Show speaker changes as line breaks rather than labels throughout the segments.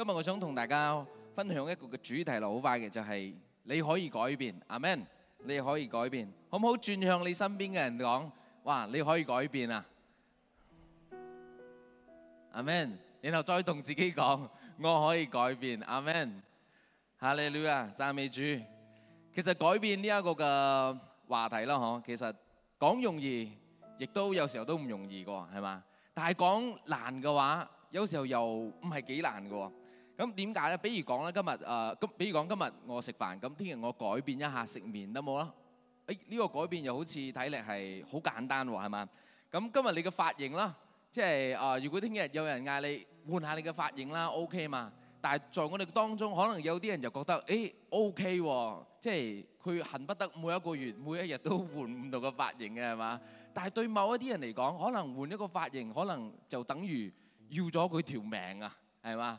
今日我想同大家分享一個嘅主題咯，好快嘅就係你可以改變，阿們，你可以改變，好唔好？轉向你身邊嘅人講，哇，你可以改變啊，阿們，然後再同自己講，我可以改變，阿們。哈利路亞，讚美主。其實改變呢一個嘅話題啦，嗬，其實講容易，亦都有時候都唔容易嘅，係嘛？但係講難嘅話，有時候又唔係幾難嘅。咁點解咧？比如講咧，今日誒，今比如講今日我食飯，咁聽日我改變一下食麵得冇啦？誒呢個改變又好似睇嚟係好簡單喎，係嘛？咁今日你嘅髮型啦，即係誒，如果聽日有人嗌你換下你嘅髮型啦，OK 嘛？但係在我哋當中，可能有啲人就覺得誒 OK 喎，即係佢恨不得每一個月、每一日都換唔到個髮型嘅係嘛？但係對某一啲人嚟講，可能換一個髮型，可能就等於要咗佢條命啊，係嘛？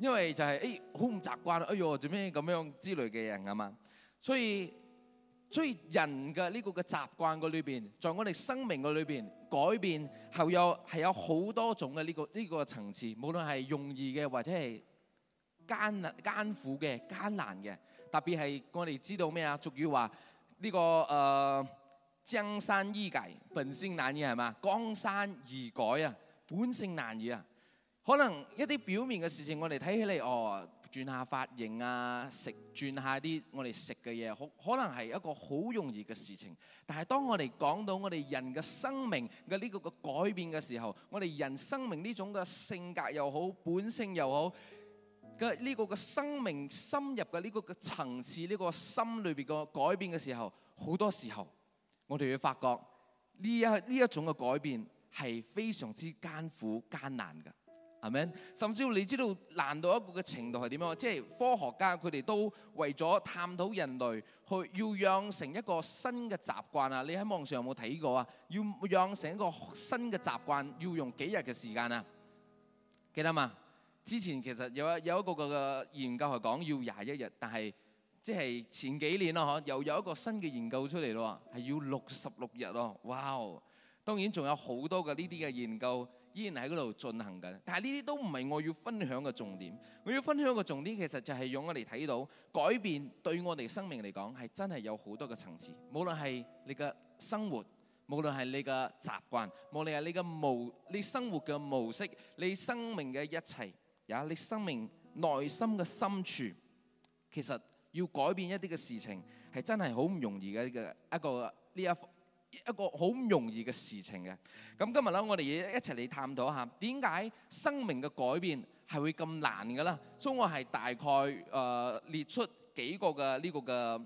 因為就係誒好唔習慣，哎喲做咩咁樣之類嘅人啊嘛，所以所以人嘅呢個嘅習慣嘅裏邊，在我哋生命嘅裏邊改變後有，後又係有好多種嘅呢、呢個呢、呢個層次，無論係容易嘅或者係艱艱苦嘅艱難嘅，特別係我哋知道咩啊？俗語話呢個誒、呃、江山易改，本性難移係嘛？江山易改啊，本性難移啊。可能一啲表面嘅事情我們看，我哋睇起嚟，哦，轉下髮型啊，食轉下啲我哋食嘅嘢，好可能係一個好容易嘅事情。但係當我哋講到我哋人嘅生命嘅呢個嘅改變嘅時候，我哋人生命呢種嘅性格又好，本性又好嘅呢、這個嘅生命深入嘅呢個嘅層次，呢、這個心裏邊個改變嘅時候，好多時候我哋會發覺呢一呢一種嘅改變係非常之艱苦艱難嘅。係咪？甚至乎你知道難到一個嘅程度係點樣？即係科學家佢哋都為咗探討人類，去要養成一個新嘅習慣啊！你喺網上有冇睇過啊？要養成一個新嘅習慣，要用幾日嘅時間啊？記得嘛？之前其實有有一個個嘅研究係講要廿一日，但係即係前幾年咯嗬，又有一個新嘅研究出嚟咯，係要六十六日咯。哇、wow.！當然仲有好多嘅呢啲嘅研究。依然喺嗰度進行緊，但係呢啲都唔係我要分享嘅重點。我要分享嘅重點其實就係用我哋睇到改變對我哋生命嚟講，係真係有好多嘅層次，無論係你嘅生活，無論係你嘅習慣，無論係你嘅模，你生活嘅模式，你生命嘅一切，也你生命內心嘅深處，其實要改變一啲嘅事情係真係好唔容易嘅一個呢一。這個一個好唔容易嘅事情嘅。咁今日咧，我哋一一齊嚟探討一下點解生命嘅改變係會咁難嘅啦。所以我係大概誒列出幾個嘅呢個嘅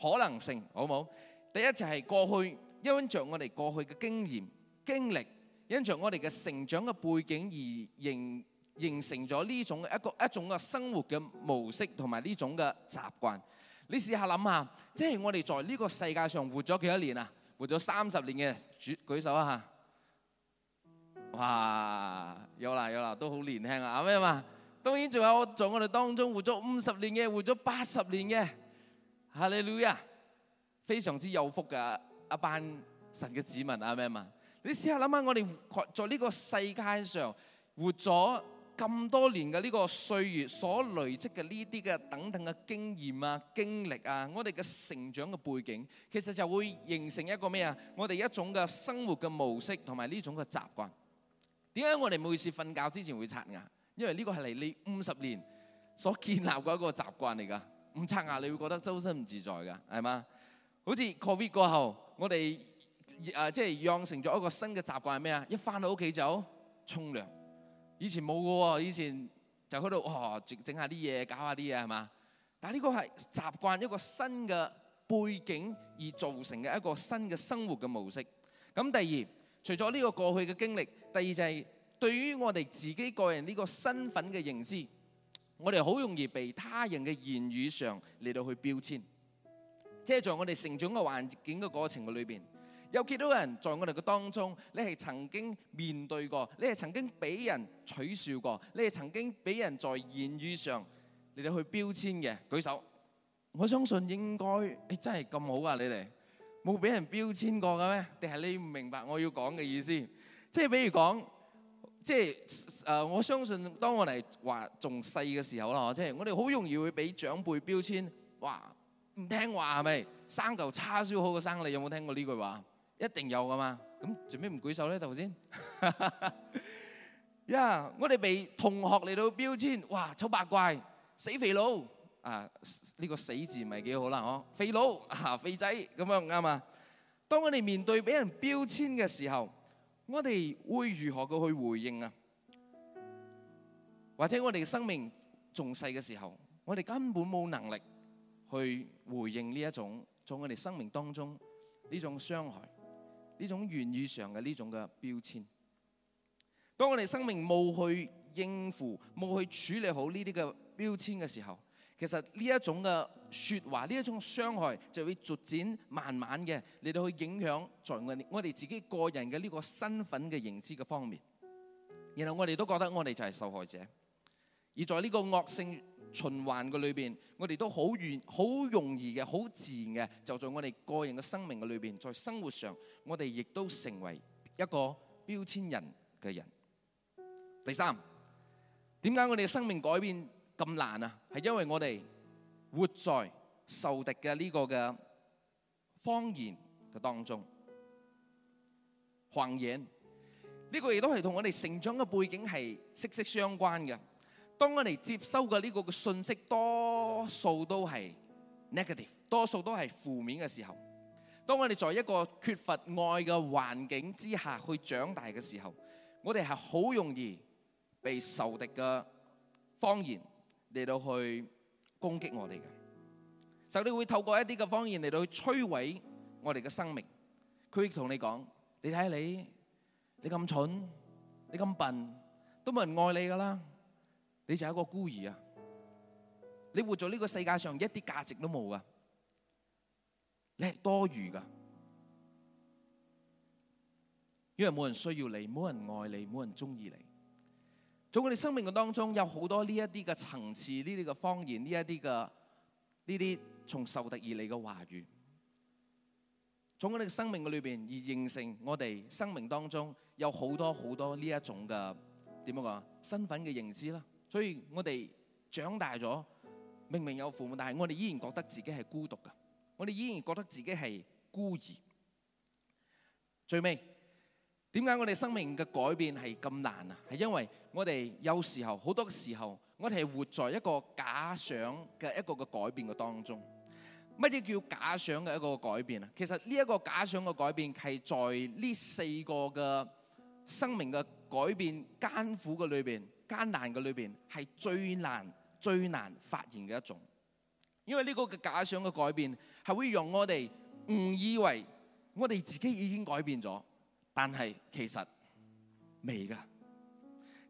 可能性，好冇？第一就係過去，因著我哋過去嘅經驗經歷，因著我哋嘅成長嘅背景而形形成咗呢種一個一種嘅生活嘅模式同埋呢種嘅習慣。你試下諗下，即係我哋在呢個世界上活咗幾多年啊？活咗三十年嘅，舉舉手啊吓！哇，有啦有啦，都好年輕啊！阿咩嘛，當然仲有在我哋當中活咗五十年嘅，活咗八十年嘅，哈利路亞，非常之有福嘅一班神嘅子民啊！咩嘛，你試下諗下，我哋在呢個世界上活咗，咁多年嘅呢個歲月所累積嘅呢啲嘅等等嘅經驗啊、經歷啊，我哋嘅成長嘅背景，其實就會形成一個咩啊？我哋一種嘅生活嘅模式同埋呢種嘅習慣。點解我哋每次瞓覺之前會刷牙？因為呢個係嚟你五十年所建立嘅一個習慣嚟㗎。唔刷牙，你會覺得周身唔自在㗎，係嘛？好似 COVID 過後，我哋誒即係養成咗一個新嘅習慣係咩啊？一返到屋企就沖涼。以前冇噶喎，以前就喺度哦，整下啲嘢，搞下啲嘢，係嘛？但係呢個係習慣一個新嘅背景而造成嘅一個新嘅生活嘅模式。咁第二，除咗呢個過去嘅經歷，第二就係對於我哋自己個人呢個身份嘅認知，我哋好容易被他人嘅言語上嚟到去標籤，即係在我哋成長嘅環境嘅過程嘅裏邊。有幾多人在我哋嘅當中？你係曾經面對過？你係曾經俾人取笑過？你係曾經俾人在言語上你哋去標籤嘅？舉手！我相信應該，誒真係咁好啊！你哋冇俾人標籤過嘅咩？定係你唔明白我要講嘅意思？即係比如講，即係誒，我相信當我嚟話仲細嘅時候啦，即係我哋好容易會俾長輩標籤，話唔聽話係咪？生嚿叉燒好過生，你有冇聽過呢句話？一定有噶嘛？咁做咩唔舉手咧？頭先呀，我哋被同學嚟到標籤，哇！醜八怪，死肥佬啊！呢個死字唔係幾好啦，嗬？肥佬啊，肥仔咁樣啱啊！當我哋面對俾人標籤嘅時候，我哋會如何嘅去回應啊？或者我哋嘅生命仲細嘅時候，我哋根本冇能力去回應呢一種，在我哋生命當中呢種傷害。呢種言語上嘅呢種嘅標籤，當我哋生命冇去應付、冇去處理好呢啲嘅標籤嘅時候，其實呢一種嘅説話、呢一種傷害就會逐漸慢慢嘅嚟到去影響在我我哋自己個人嘅呢個身份嘅認知嘅方面，然後我哋都覺得我哋就係受害者，而在呢個惡性循環嘅裏邊，我哋都好易、好容易嘅、好自然嘅，就在我哋個人嘅生命嘅裏邊，在生活上，我哋亦都成為一個標籤人嘅人。第三，點解我哋嘅生命改變咁難啊？係因為我哋活在仇敵嘅呢個嘅謊言嘅當中，謊言呢個亦都係同我哋成長嘅背景係息息相關嘅。當我哋接收嘅呢個嘅信息多數都係 negative，多數都係負面嘅時候，當我哋在一個缺乏愛嘅環境之下去長大嘅時候，我哋係好容易被仇敵嘅謊言嚟到去攻擊我哋嘅，就你會透過一啲嘅謊言嚟到去摧毀我哋嘅生命。佢亦同你講：「你睇下你，你咁蠢，你咁笨，都冇人愛你㗎啦。你就係一個孤兒啊！你活咗呢個世界上一啲價值都冇噶，你係多餘噶，因為冇人需要你，冇人愛你，冇人中意你。總我哋生命嘅當中，有好多呢一啲嘅層次，呢啲嘅謊言，呢一啲嘅呢啲從仇敵而嚟嘅話語。總我哋嘅生命嘅裏邊，而形成我哋生命當中有好多好多呢一種嘅點樣講身份嘅認知啦。所以我哋長大咗，明明有父母，但係我哋依然覺得自己係孤獨嘅，我哋依然覺得自己係孤兒。最尾點解我哋生命嘅改變係咁難啊？係因為我哋有時候好多嘅時候，我哋係活在一個假想嘅一個嘅改變嘅當中。乜嘢叫假想嘅一個嘅改變啊？其實呢一個假想嘅改變係在呢四個嘅生命嘅改變艱苦嘅裏邊。艱難嘅裏邊，係最難最難發現嘅一種。因為呢個嘅假想嘅改變係會讓我哋誤以為我哋自己已經改變咗，但係其實未噶。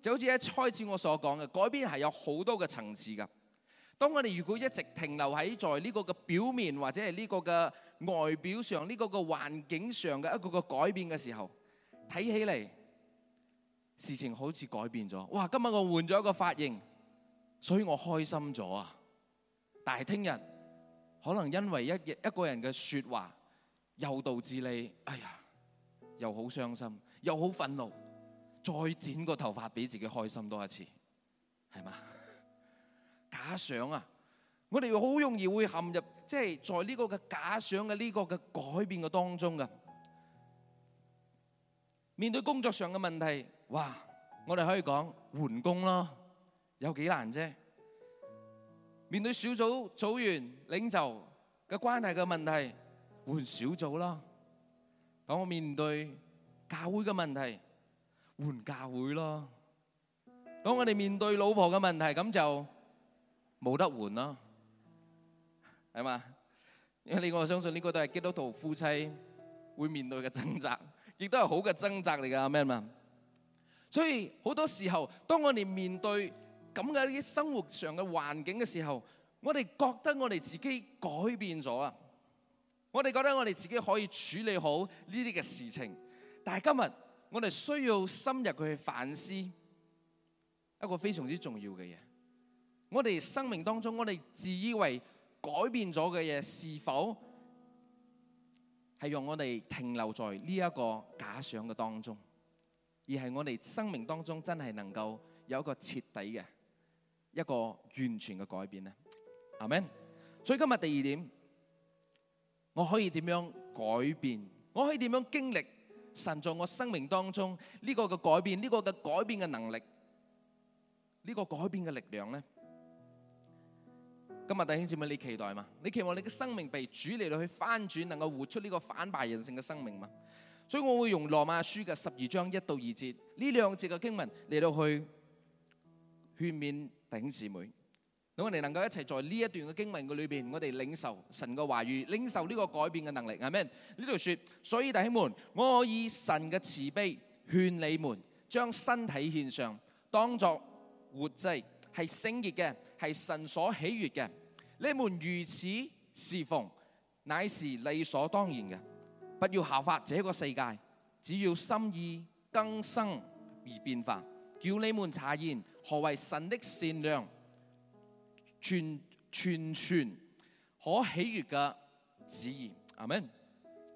就好似一開始我所講嘅改變係有好多嘅層次噶。當我哋如果一直停留喺在呢個嘅表面或者係呢個嘅外表上，呢個嘅環境上嘅一個個改變嘅時候，睇起嚟，事情好似改變咗，哇！今日我換咗一個髮型，所以我開心咗啊！但係聽日可能因為一一個人嘅說話，又導致你，哎呀，又好傷心，又好憤怒，再剪個頭髮俾自己開心多一次，係嘛？假想啊，我哋好容易會陷入即係、就是、在呢個嘅假想嘅呢個嘅改變嘅當中嘅，面對工作上嘅問題。哇！我哋可以講換工咯，有幾難啫？面對小組組員領袖嘅關係嘅問題，換小組咯。當我面對教會嘅問題，換教會咯。當我哋面對老婆嘅問題，咁就冇得換咯，係嘛？因為呢個我相信呢個都係基督徒夫妻會面對嘅掙扎，亦都係好嘅掙扎嚟噶。咩嘛？所以好多時候，當我哋面對咁嘅呢啲生活上嘅環境嘅時候，我哋覺得我哋自己改變咗喇。我哋覺得我哋自己可以處理好呢啲嘅事情，但係今日我哋需要深入去反思一個非常之重要嘅嘢。我哋生命當中，我哋自以為改變咗嘅嘢，是否係用我哋停留在呢一個假想嘅當中？而係我哋生命當中真係能夠有一個徹底嘅一個完全嘅改變咧，阿們。所以今日第二點，我可以點樣改變？我可以點樣經歷神在我生命當中呢個嘅改變？呢個嘅改變嘅能力？呢個改變嘅力量咧？今日弟兄姊妹，你期待嘛？你期望你嘅生命被主嚟去翻轉，能夠活出呢個反敗人性嘅生命嘛？所以我會用羅馬書嘅十二章一到二節，呢兩節嘅經文嚟到去勸勉弟兄姊妹。等我哋能夠一齊在呢一段嘅經文裏邊，我哋領受神嘅話語，領受呢個改變嘅能力係咩？呢度說，所以弟兄們，我以神嘅慈悲勸你們，將身體獻上，當作活祭，係聖潔嘅，係神所喜悅嘅。你們如此侍奉，乃是理所當然嘅。不要效法這個世界，只要心意更新而變化。叫你們察驗何為神的善良、全全全可喜悅嘅旨意。阿門。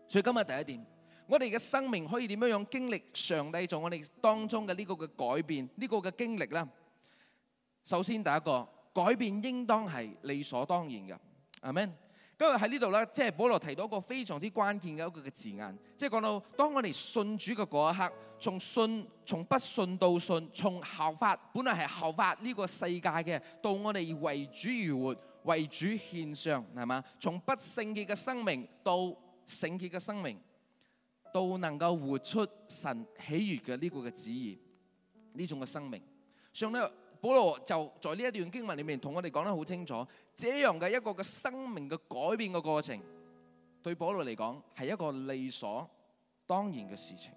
所以今日第一點，我哋嘅生命可以點樣樣經歷上帝做我哋當中嘅呢個嘅改變呢、呢個嘅經歷咧？首先第一個，改變應當係理所當然嘅。阿門。今日喺呢度咧，即係保羅提到一個非常之關鍵嘅一個嘅字眼，即係講到當我哋信主嘅嗰一刻，從信從不信到信，從效法本來係效法呢個世界嘅，到我哋為主而活，為主獻上，係嘛？從不聖潔嘅生命到聖潔嘅生命，到能夠活出神喜悅嘅呢個嘅旨意，呢種嘅生命，上到。保羅就在呢一段經文裏面同我哋講得好清楚，這樣嘅一個嘅生命嘅改變嘅過程，對保羅嚟講係一個理所當然嘅事情。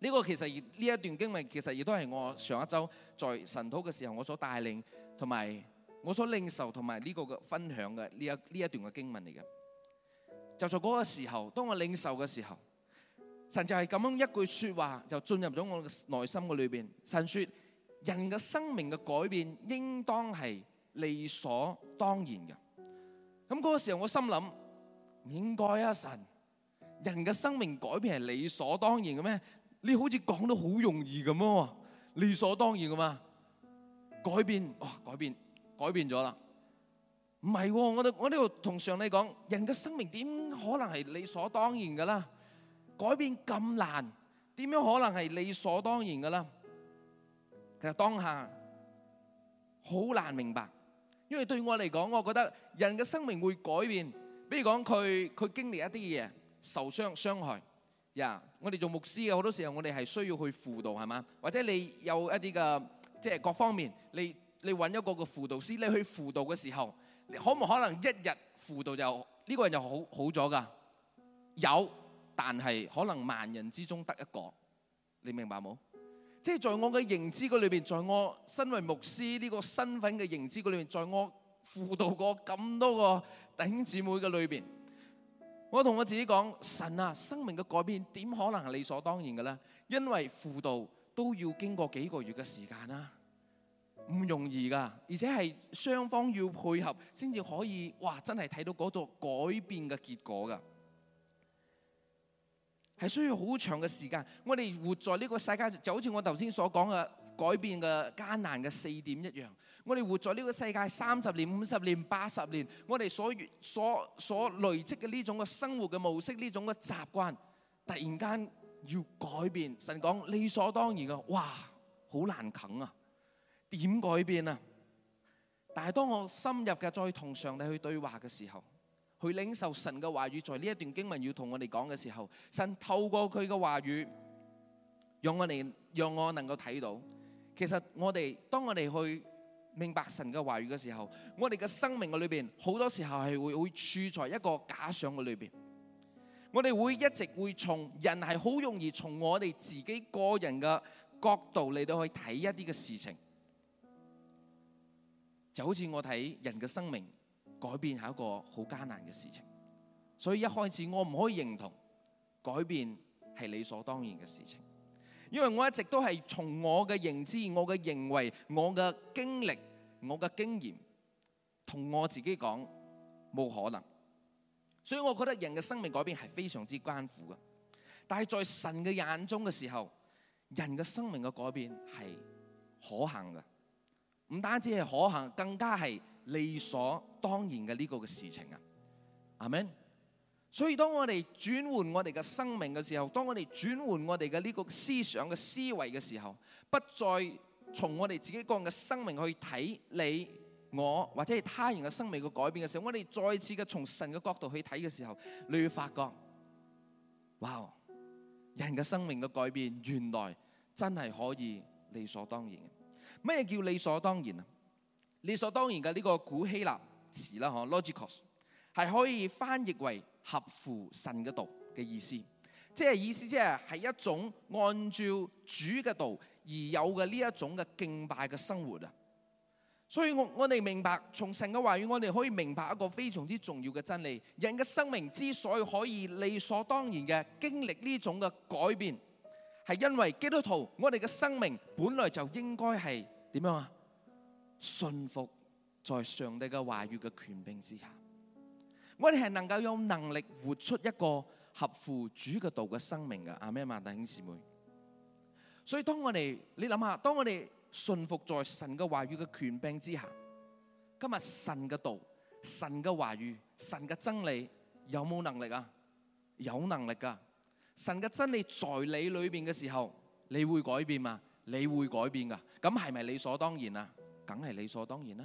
呢個其實呢一段經文其實亦都係我上一周在神討嘅時候我所帶領同埋我所領受同埋呢個嘅分享嘅呢一呢一段嘅經文嚟嘅。就在嗰個時候，當我領受嘅時候，甚至係咁樣一句說話就進入咗我嘅內心嘅裏邊，神說。人嘅生命嘅改變，應當係理所當然嘅。咁嗰個時候，我心諗唔應該啊！神，人嘅生命改變係理所當然嘅咩？你好似講得好容易咁咯，理所當然噶嘛？改變，哦！改變，改變咗啦。唔係，我哋我呢度同上帝講，人嘅生命點可能係理所當然噶啦？改變咁難，點樣可能係理所當然噶啦？其實當下好難明白，因為對我嚟講，我覺得人嘅生命會改變。比如講佢佢經歷一啲嘢，受傷傷害，呀，yeah！我哋做牧師嘅好多時候，我哋係需要去輔導係嘛？或者你有一啲嘅即係各方面，你你搵一個嘅輔導師，你去輔導嘅時候，你可唔可能一日輔導就呢個人就好好咗噶？有，但係可能萬人之中得一個，你明白冇？即係在我嘅認知嗰裏邊，在我身為牧師呢個身份嘅認知嗰裏邊，在我輔導過咁多個弟兄姊妹嘅裏邊，我同我自己講：神啊，生命嘅改變點可能係理所當然嘅咧？因為輔導都要經過幾個月嘅時間啦，唔容易㗎，而且係雙方要配合先至可以，哇！真係睇到嗰度改變嘅結果㗎。係需要好長嘅時間，我哋活在呢個世界，就好似我頭先所講嘅改變嘅艱難嘅四點一樣。我哋活在呢個世界三十年、五十年、八十年，我哋所所所累積嘅呢種嘅生活嘅模式、呢種嘅習慣，突然間要改變，神講理所當然嘅，哇，好難啃啊！點改變啊？但係當我深入嘅再同上帝去對話嘅時候，去領受神嘅話語在呢一段經文要同我哋講嘅時候,神透過佢嘅話語,改變係一個好艱難嘅事情，所以一開始我唔可以認同改變係理所當然嘅事情，因為我一直都係從我嘅認知、我嘅認為、我嘅經歷、我嘅經驗，同我自己講冇可能，所以我覺得人嘅生命改變係非常之艱苦嘅，但係在神嘅眼中嘅時候，人嘅生命嘅改變係可行嘅，唔單止係可行，更加係。理所當然嘅呢個嘅事情啊，係咪？所以當我哋轉換我哋嘅生命嘅時候，當我哋轉換我哋嘅呢個思想嘅思維嘅時候，不再從我哋自己個人嘅生命去睇你我或者係他人嘅生命嘅改變嘅時候，我哋再次嘅從神嘅角度去睇嘅時候，你會發覺，哇，人嘅生命嘅改變原來真係可以理所當然。咩叫理所當然啊？理所當然嘅呢個古希臘詞啦，嗬，logicals 係可以翻譯為合乎神嘅道嘅意思，即係意思即係係一種按照主嘅道而有嘅呢一種嘅敬拜嘅生活啊！所以我我哋明白從神嘅話語，我哋可以明白一個非常之重要嘅真理：人嘅生命之所以可以理所當然嘅經歷呢種嘅改變，係因為基督徒，我哋嘅生命本來就應該係點樣啊？信服在上帝嘅話語嘅權柄之下，我哋係能夠有能力活出一個合乎主嘅道嘅生命嘅。阿咩嘛，弟兄姊妹。所以當我哋你諗下，當我哋信服在神嘅話語嘅權柄之下，今日神嘅道、神嘅話語、神嘅真理有冇能力啊？有能力噶。神嘅真理在你裏邊嘅時候，你會改變嘛？你會改變噶？咁係咪理所當然啊？梗係理所當然啦，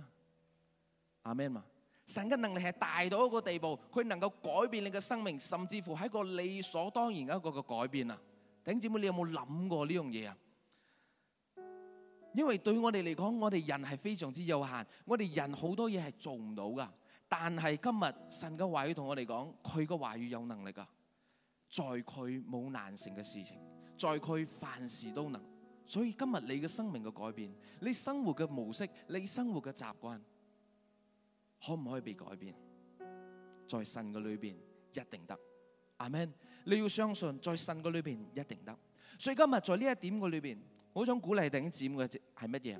阿們啊？神嘅能力係大到一個地步，佢能夠改變你嘅生命，甚至乎係一個理所當然嘅一個嘅改變啊。弟兄姊妹，你有冇諗過呢樣嘢啊？因為對我哋嚟講，我哋人係非常之有限，我哋人好多嘢係做唔到噶但係今日神嘅話語同我哋講，佢嘅話語有能力㗎，在佢冇難成嘅事情，在佢凡事都能。所以今日你嘅生命嘅改變，你生活嘅模式，你生活嘅習慣，可唔可以被改變？在神嘅裏邊一定得，阿門！你要相信，在神嘅裏邊一定得。所以今日在呢一點嘅裏邊，我想鼓勵頂尖嘅係乜嘢？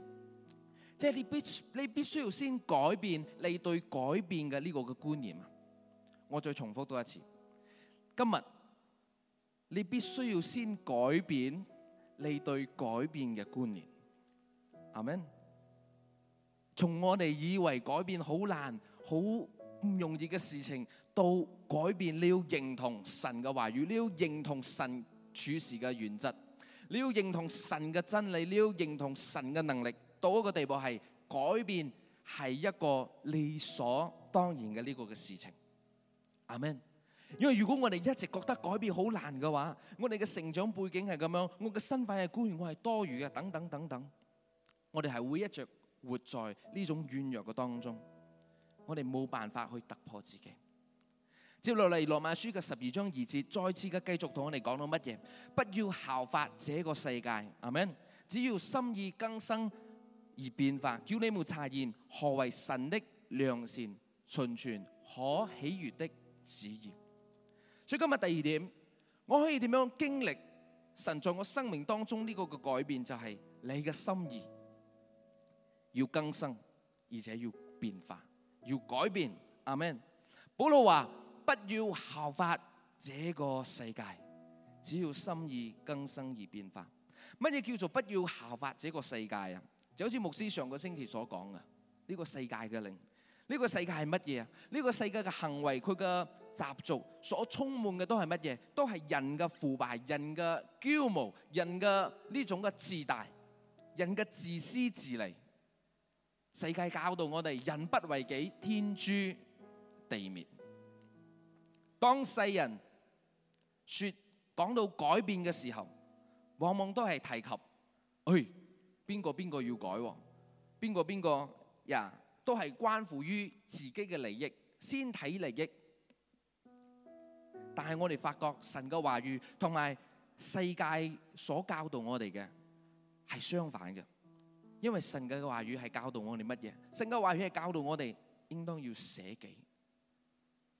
即係你必你必須要先改變你對改變嘅呢個嘅觀念啊！我再重複多一次，今日你必須要先改變。你對改變嘅觀念，阿門，從我哋以為改變好難、好唔容易嘅事情，到改變你要認同神嘅話語，你要認同神處事嘅原則，你要認同神嘅真理，你要認同神嘅能力，到一個地步係改變係一個理所當然嘅呢個嘅事情，阿門。因為如果我哋一直覺得改變好難嘅話，我哋嘅成長背景係咁樣，我嘅身份係孤兒，我係多餘嘅，等等等等，我哋係會一直活在呢種軟弱嘅當中。我哋冇辦法去突破自己。接落嚟，羅馬書嘅十二章二節再次嘅繼續同我哋講到乜嘢？不要效法這個世界，係咪，只要心意更生而變化，叫你沒察驗何為神的良善、純全、可喜悅的旨意。所以今日第二點，我可以點樣經歷神在我生命當中呢個嘅改變？就係你嘅心意要更新，而且要變化，要改變。阿門，保羅話：不要效法這個世界，只要心意更新而變化。乜嘢叫做不要效法這個世界啊？就好似牧師上個星期所講嘅，呢個世界嘅靈，呢個世界係乜嘢啊？呢個世界嘅行為，佢嘅。習俗所充滿的都是什麼？都是人的腐敗，人的驕傲，人的這種自大，人的自私自利，世界教導我們人不為己，天誅地滅。當世人說，講到改變的時候，往往都是提及,哎，邊個邊個要改？邊個邊個，都是關乎於自己的利益，先睇利益，但係我哋發覺神嘅話語同埋世界所教導我哋嘅係相反嘅，因為神嘅嘅話語係教導我哋乜嘢？神嘅話語係教導我哋應當要捨己，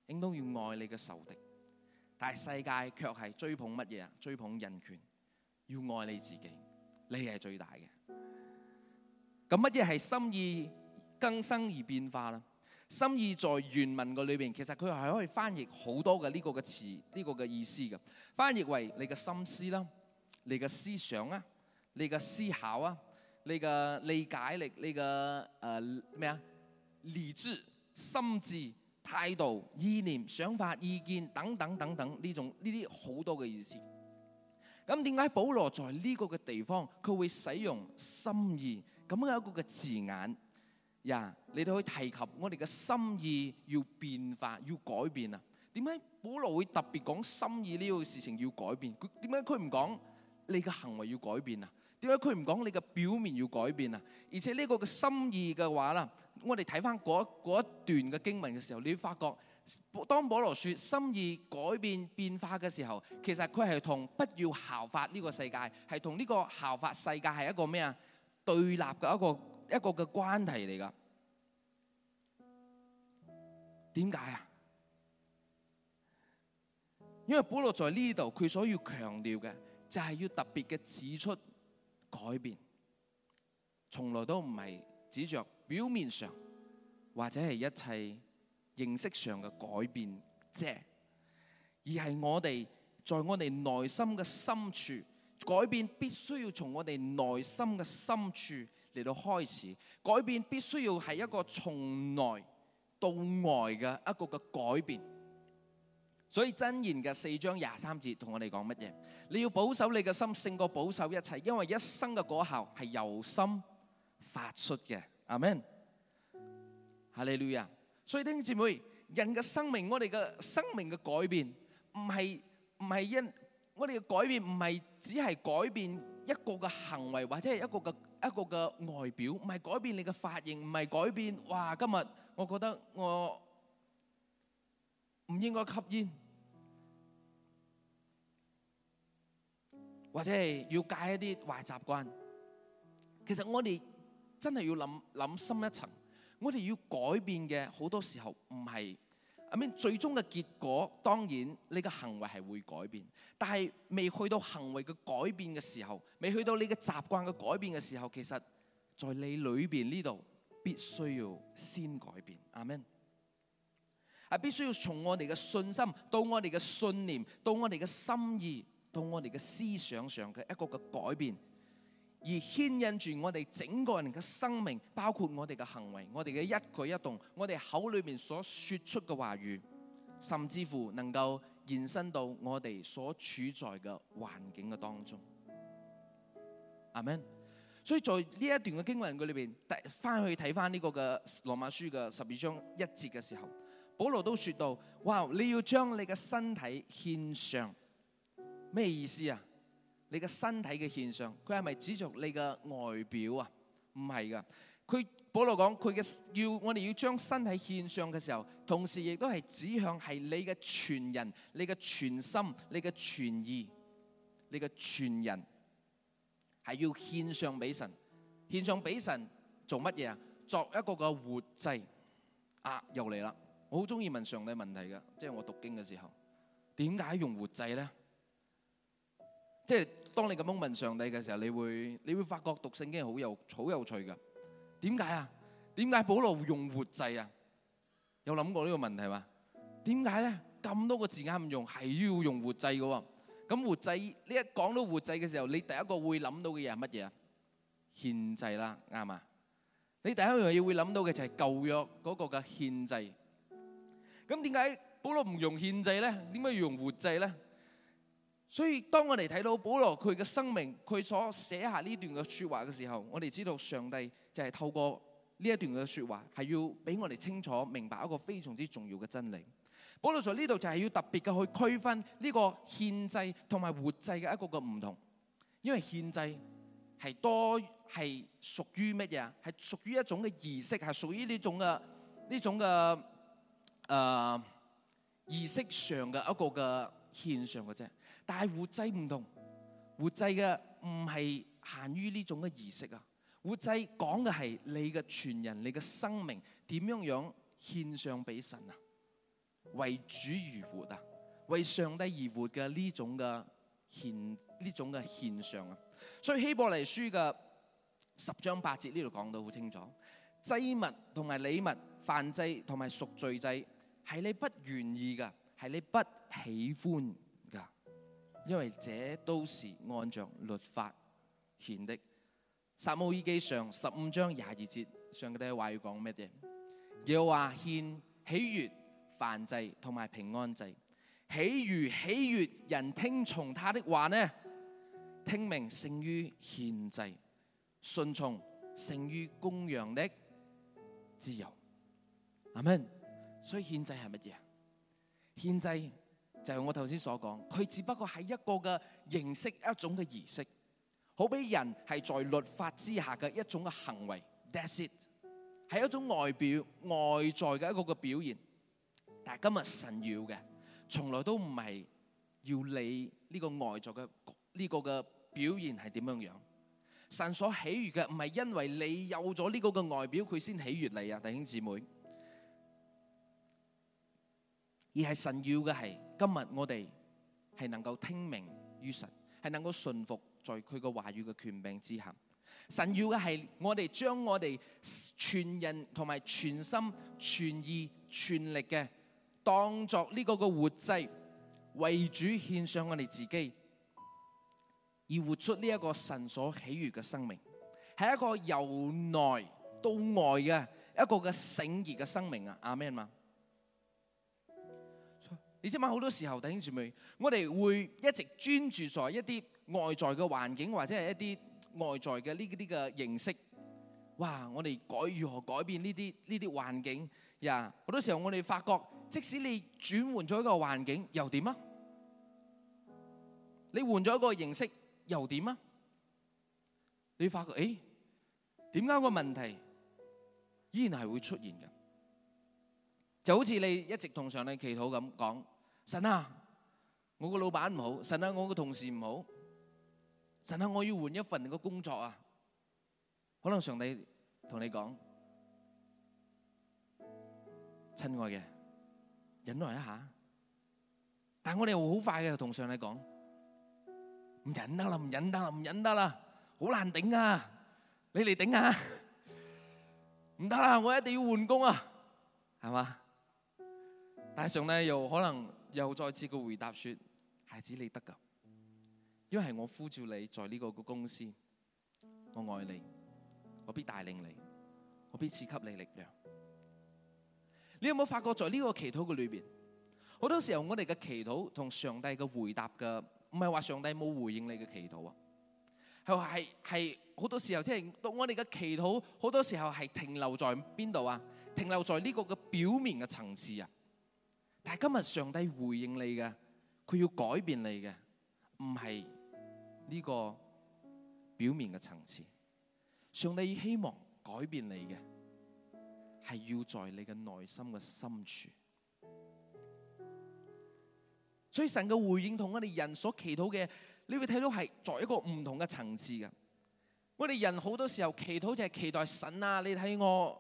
應當要愛你嘅仇敵。但係世界卻係追捧乜嘢啊？追捧人權，要愛你自己，你係最大嘅。咁乜嘢係心意更生而變化啦？心意在原文嘅裏邊，其實佢係可以翻譯好多嘅呢個嘅詞，呢個嘅意思嘅翻譯為你嘅心思啦，你嘅思想啊，你嘅思考啊，你嘅理解力，你嘅誒咩啊，理智、心智、態度、意念、想法、意見等等等等呢種呢啲好多嘅意思。咁點解保羅在呢個嘅地方佢會使用心意咁樣一個嘅字眼？呀！你哋可以提及我哋嘅心意要變化、要改變啊。點解保羅會特別講心意呢個事情要改變？佢點解佢唔講你嘅行為要改變啊？點解佢唔講你嘅表面要改變啊？而且呢個嘅心意嘅話啦，我哋睇翻嗰嗰一段嘅經文嘅時候，你會發覺當保羅說心意改變、變化嘅時候，其實佢係同不要效法呢個世界，係同呢個效法世界係一個咩啊？對立嘅一個。一個嘅關係嚟噶，點解啊？因為保羅在呢度佢所要強調嘅就係要特別嘅指出改變，從來都唔係指着表面上或者係一切形式上嘅改變啫，而係我哋在我哋內心嘅深處改變，必須要從我哋內心嘅深處嚟到開始改變，必須要係一個從內到外嘅一個嘅改變。所以箴言嘅四章廿三節同我哋講乜嘢？你要保守你嘅心，勝過保守一切，因為一生嘅果效係由心發出嘅。阿門。哈利路亞。所以，弟兄姊妹，人嘅生命，我哋嘅生命嘅改變唔係唔係因我哋嘅改變唔係只係改變一個嘅行為或者係一個嘅。一個嘅外表，唔係改變你嘅髮型，唔係改變。哇！今日我覺得我唔應該吸煙，或者係要戒一啲壞習慣。其實我哋真係要諗諗深一層，我哋要改變嘅好多時候唔係。咁最終嘅結果，當然你嘅行為係會改變，但係未去到行為嘅改變嘅時候，未去到你嘅習慣嘅改變嘅時候，其實在你裏邊呢度必須要先改變，阿 m a n 係必須要從我哋嘅信心到我哋嘅信念，到我哋嘅心意，到我哋嘅思想上嘅一個嘅改變。而牽引住我哋整個人嘅生命，包括我哋嘅行為，我哋嘅一舉一動，我哋口裏面所説出嘅話語，甚至乎能夠延伸到我哋所處在嘅環境嘅當中。阿門，所以在呢一段嘅經文句裏邊，第翻去睇翻呢個嘅羅馬書嘅十二章一節嘅時候，保羅都説到：哇！你要將你嘅身體獻上，咩意思啊？你嘅身體嘅獻上，佢係咪指著你嘅外表啊？唔係噶，佢保羅講佢嘅要我哋要將身體獻上嘅時候，同時亦都係指向係你嘅全人、你嘅全心、你嘅全意、你嘅全人，係要獻上俾神。獻上俾神做乜嘢啊？作一個嘅活祭啊！又嚟啦！我好中意問上帝問題噶，即係我讀經嘅時候，點解用活祭咧？即係。當你咁樣問上帝嘅時候，你會你會發覺讀聖經係好有好有趣噶。點解啊？點解保羅用活祭啊？有諗過呢個問題嘛？點解咧？咁多個字眼唔用，係要用活祭嘅。咁活祭呢，一講到活祭嘅時候，你第一個會諗到嘅嘢係乜嘢啊？獻祭啦，啱啊。你第一樣嘢會諗到嘅就係舊約嗰個嘅獻祭。咁點解保羅唔用獻祭咧？點解要用活祭咧？所以當我哋睇到保羅佢嘅生命，佢所寫下呢段嘅說話嘅時候，我哋知道上帝就係透過呢一段嘅說話，係要俾我哋清楚明白一個非常之重要嘅真理。保羅在呢度就係要特別嘅去區分呢個獻祭同埋活祭嘅一個嘅唔同，因為獻祭係多係屬於乜嘢啊？係屬於一種嘅儀式，係屬於呢種嘅呢種嘅誒、呃、儀式上嘅一個嘅獻上嘅啫。但係活祭唔同，活祭嘅唔係限於呢種嘅儀式啊。活祭講嘅係你嘅全人，你嘅生命點樣樣獻上俾神啊，為主而活啊，為上帝而活嘅呢種嘅獻呢種嘅獻上啊。所以希伯來書嘅十章八節呢度講到好清楚，祭物同埋禮物，燔祭同埋贖罪祭係你不願意嘅，係你不喜歡。因為這都是按照律法獻的。撒母耳記上十五章廿二節上嘅啲話語講乜嘢？又話獻喜悅燔祭同埋平安祭。喜如喜悅，人聽從他的話呢？聽命勝於獻祭，順從勝於公羊的自由。阿門。所以獻祭係乜嘢？獻祭。就係、是、我頭先所講，佢只不過係一個嘅形式，一種嘅儀式，好比人係在律法之下嘅一種嘅行為。That's it，係一種外表外在嘅一個嘅表現。但係今日神要嘅，從來都唔係要你呢個外在嘅呢個嘅表現係點樣樣？神所喜悅嘅唔係因為你有咗呢個嘅外表，佢先喜悅你啊，弟兄姊妹。而係神要嘅係今日我哋係能夠聽命於神，係能夠順服在佢個話語嘅權柄之下。神要嘅係我哋將我哋全人同埋全心、全意、全力嘅當作呢個嘅活祭，為主獻上我哋自己，而活出呢一個神所喜悅嘅生命，係一個由內到外嘅一個嘅聖潔嘅生命啊！阿門嘛。你知唔知好多時候弟兄姊妹，我哋會一直專注在一啲外在嘅環境或者係一啲外在嘅呢啲嘅形式。哇！我哋改如何改變呢啲呢啲環境呀？好多時候我哋發覺，即使你轉換咗一個環境又點啊？你換咗一個形式又點啊？你發覺誒，點解個問題依然係會出現嘅？就好似你一直同上帝祈禱咁講。神啊，我個老闆唔好，神啊，我個同事唔好，神啊，我要換一份個工作啊！可能上帝同你講，親愛嘅，忍耐一下。但係我哋又好快嘅同上帝講，唔忍得啦，唔忍得啦，唔忍得啦，好難頂啊！你嚟頂下！唔得啦，我一定要換工啊，係咪？但係上帝又可能。又再次嘅回答說：孩子你得噶，因為係我呼召你在呢個嘅公司，我愛你，我必帶領你，我必賜給你力量。你有冇發覺在呢個祈禱嘅裏邊，好多時候我哋嘅祈禱同上帝嘅回答嘅，唔係話上帝冇回應你嘅祈禱啊，係話係係好多時候即係、就是、我哋嘅祈禱，好多時候係停留在邊度啊？停留在呢個嘅表面嘅層次啊。但係今日上帝回應你嘅，佢要改變你嘅，唔係呢個表面嘅層次。上帝希望改變你嘅，係要在你嘅內心嘅深處。所以神嘅回應同我哋人所祈禱嘅，你會睇到係在一個唔同嘅層次㗎。我哋人好多時候祈禱就係期待神啊，你睇我。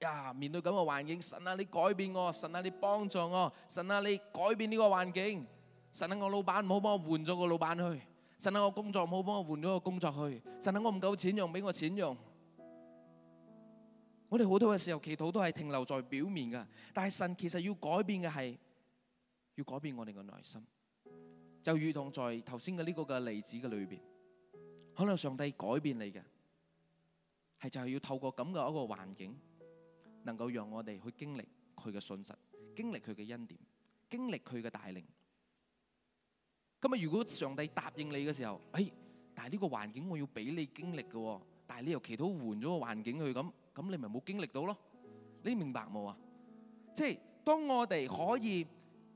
呀！面對咁嘅環境，神啊，你改變我，神啊，你幫助我，神啊，你改變呢個環境，神啊，我老闆唔好幫我換咗個老闆去，神啊，我工作唔好幫我換咗個工作去，神啊，我唔夠錢用，俾我錢用。我哋好多嘅時候祈禱都係停留在表面噶，但係神其實要改變嘅係要改變我哋嘅內心，就如同在頭先嘅呢個嘅例子嘅裏邊，可能上帝改變你嘅係就係要透過咁嘅一個環境。能夠讓我哋去經歷佢嘅信實，經歷佢嘅恩典，經歷佢嘅帶領。咁啊，如果上帝答應你嘅時候，哎，但係呢個環境我要俾你經歷嘅，但係你又祈禱換咗個環境去咁，咁你咪冇經歷到咯？你明白冇啊？即係當我哋可以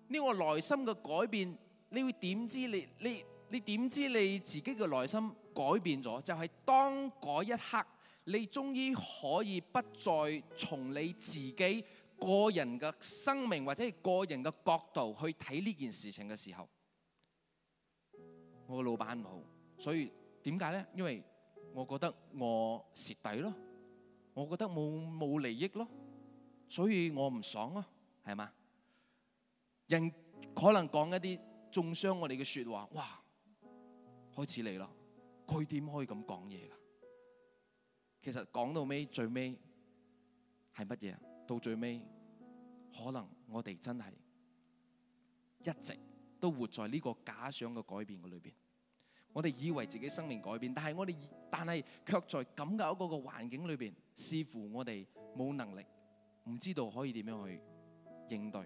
呢個內心嘅改變，你會點知你你你點知你自己嘅內心改變咗？就係當嗰一刻。你終於可以不再從你自己個人嘅生命或者係個人嘅角度去睇呢件事情嘅時候，我個老闆唔好，所以點解咧？因為我覺得我蝕底咯，我覺得冇冇利益咯，所以我唔爽咯，係嘛？人可能講一啲中傷我哋嘅説話，哇，開始嚟咯，佢點可以咁講嘢㗎？其實講到尾最尾係乜嘢？到最尾可能我哋真係一直都活在呢個假想嘅改變嘅裏邊。我哋以為自己生命改變，但係我哋但係卻在咁嘅一個環境裏邊，視乎我哋冇能力，唔知道可以點樣去應對。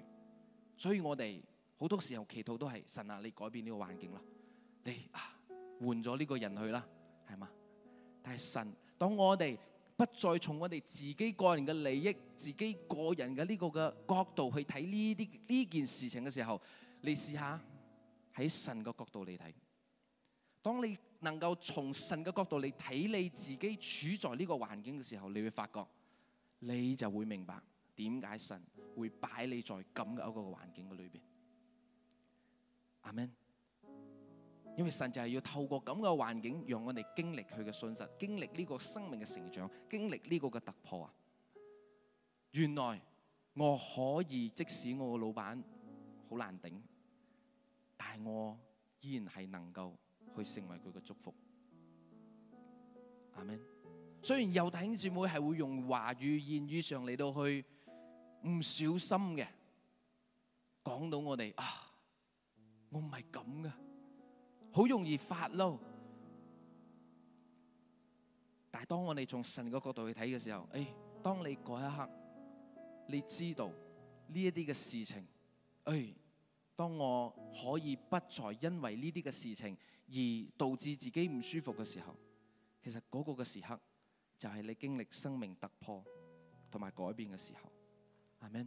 所以我哋好多時候祈禱都係神啊，你改變呢個環境啦，你啊換咗呢個人去啦，係嘛？但係神，當我哋不再從我哋自己個人嘅利益，自己個人嘅呢個嘅角度去睇呢啲呢件事情嘅時候，你試下喺神嘅角度嚟睇。當你能夠從神嘅角度嚟睇你自己處在呢個環境嘅時候，你會發覺你就會明白點解神會擺你在咁嘅一個環境嘅裏邊。阿門。因為神就係要透過咁嘅環境，讓我哋經歷佢嘅信實，經歷呢個生命嘅成長，經歷呢個嘅突破啊！原來我可以，即使我嘅老闆好難頂，但係我依然係能夠去成為佢嘅祝福。阿們，雖然有弟兄姊妹係會用話語、言語上嚟到去唔小心嘅講到我哋啊，我唔係咁噶。好容易發嬲，但係當我哋從神嘅角度去睇嘅時候，誒，當你嗰一刻，你知道呢一啲嘅事情，誒，當我可以不再因為呢啲嘅事情而導致自己唔舒服嘅時候，其實嗰個嘅時刻就係你經歷生命突破同埋改變嘅時候，Amen，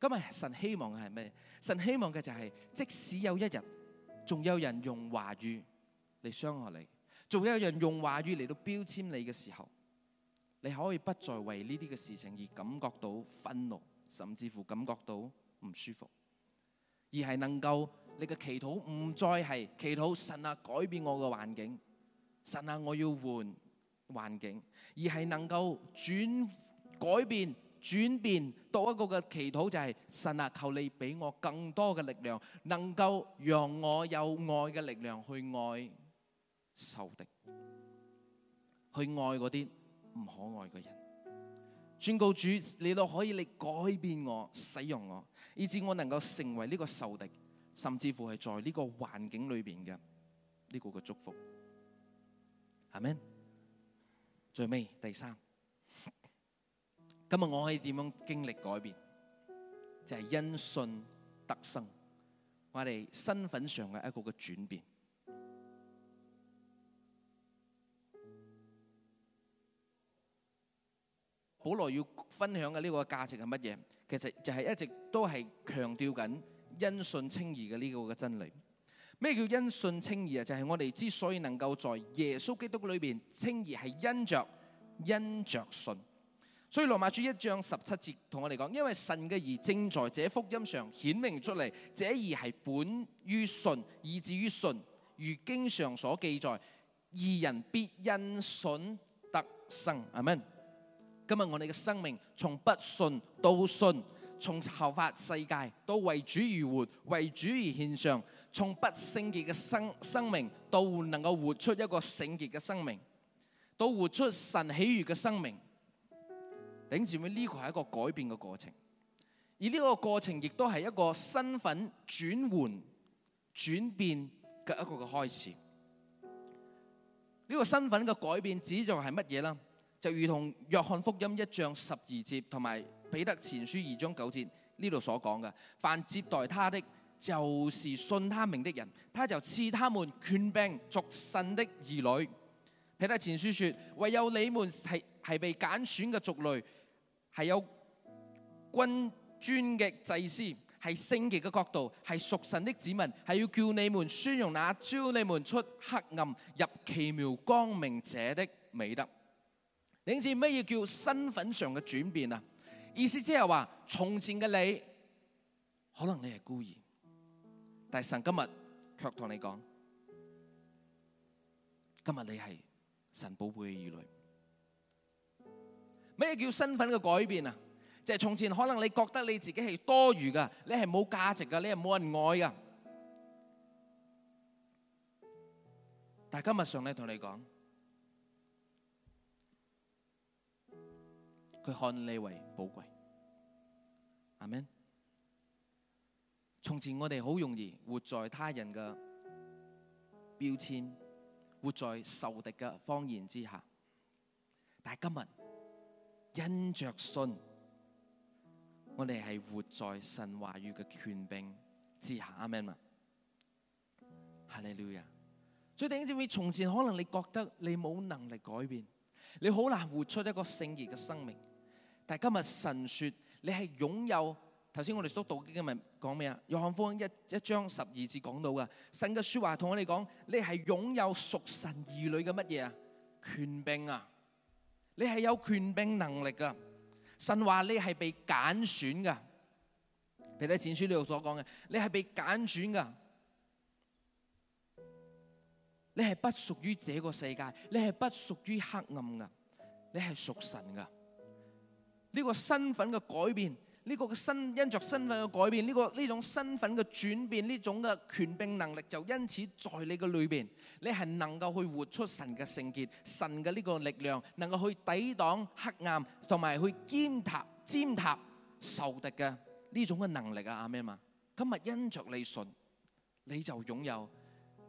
今日神希望嘅係咩？神希望嘅就係即使有一日。仲有人用話語嚟傷害你，仲有人用話語嚟到標籤你嘅時候，你可以不再為呢啲嘅事情而感覺到憤怒，甚至乎感覺到唔舒服，而係能夠你嘅祈禱唔再係祈禱，神啊，改變我嘅環境，神啊，我要換環境，而係能夠轉改變。轉變到一個嘅祈禱就係神啊，求你俾我更多嘅力量，能夠讓我有愛嘅力量去愛仇敵，去愛嗰啲唔可愛嘅人。轉告主，你都可以你改變我，使用我，以至我能夠成為呢個仇敵，甚至乎係在呢個環境裏邊嘅呢個嘅祝福。阿門。最尾第三。今日我可以點樣經歷改變？就係因信得生，我哋身份上嘅一個嘅轉變。保羅要分享嘅呢個價值係乜嘢？其實就係一直都係強調緊因信稱義嘅呢個嘅真理。咩叫因信稱義啊？就係我哋之所以能夠在耶穌基督裏邊稱義，係因着因着信。所以羅馬書一章十七節同我哋講，因為神嘅義正在這福音上顯明出嚟，這義係本於信，以至於信，如經上所記載，義人必因信得生。阿門。今日我哋嘅生命從不信到信，從效法世界到為主而活，為主而獻上，從不聖潔嘅生生命到能夠活出一個聖潔嘅生命，到活出神喜悅嘅生命。領袖呢個係一個改變嘅過程，而呢個過程亦都係一個身份轉換、轉變嘅一個嘅開始。呢、這個身份嘅改變指就係乜嘢呢？就如同約翰福音一章十二節同埋彼得前書二章九節呢度所講嘅：凡接待他的，就是信他名的人，他就賜他們權柄作神的兒女。彼得前書說：唯有你們係係被揀選嘅族類。係有君尊嘅祭司，係聖潔嘅國度，係屬神的子民，係要叫你們宣揚那招你們出黑暗入奇妙光明者的美德。你知咩叫身份上嘅轉變啊？意思即係話，從前嘅你，可能你係孤兒，但係神今日卻同你講，今日你係神寶貝嘅兒女。咩叫身份嘅改變啊？就係、是、從前可能你覺得你自己係多餘嘅，你係冇價值嘅，你係冇人愛嘅。但係今日上帝同你講，佢看你為寶貴。阿們，從前我哋好容易活在他人嘅標籤，活在仇敵嘅謊言之下。但係今日。因着信，我哋係活在神話語嘅權柄之下，阿唔啱啊？係你女啊？所以弟兄，從前可能你覺得你冇能力改變，你好難活出一個聖潔嘅生命，但係今日神說你係擁有。頭先我哋都道經嘅咪講咩啊？約翰福音一一章十二節講到噶，神嘅說話同我哋講，你係擁有屬神兒女嘅乜嘢啊？權柄啊！你係有權柄能力噶，神話你係被揀選噶，睇睇《前書》呢度所講嘅，你係被揀選噶，你係不屬於這個世界，你係不屬於黑暗噶，你係屬神噶，呢、這個身份嘅改變。呢個身因着身份嘅改變，呢個呢種身份嘅轉變，呢種嘅權柄能力就因此在你嘅裏邊，你係能夠去活出神嘅聖潔，神嘅呢個力量，能夠去抵擋黑暗，同埋去踐踏踐踏仇敵嘅呢種嘅能力啊！咩嘛？今日因着你信，你就擁有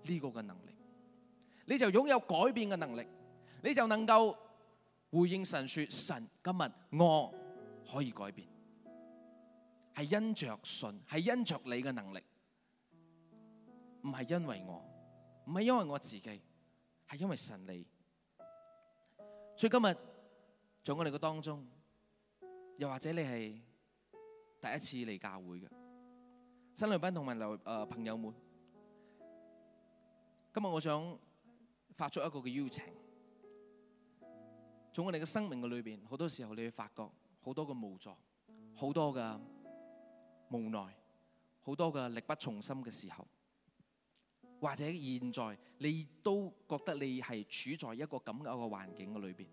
呢個嘅能力，你就擁有改變嘅能力，你就能夠回應神說：神今日我可以改變。係因着信，係因着你嘅能力，唔係因為我，唔係因為我自己，係因為神你。所以今日在我哋嘅當中，又或者你係第一次嚟教會嘅新來賓同埋留誒朋友們，今日我想發出一個嘅邀請。在我哋嘅生命嘅裏面，好多時候你會發覺好多嘅無助，好多噶。無奈，好多嘅力不從心嘅時候，或者現在你都覺得你係處在一個咁嘅一個環境嘅裏邊，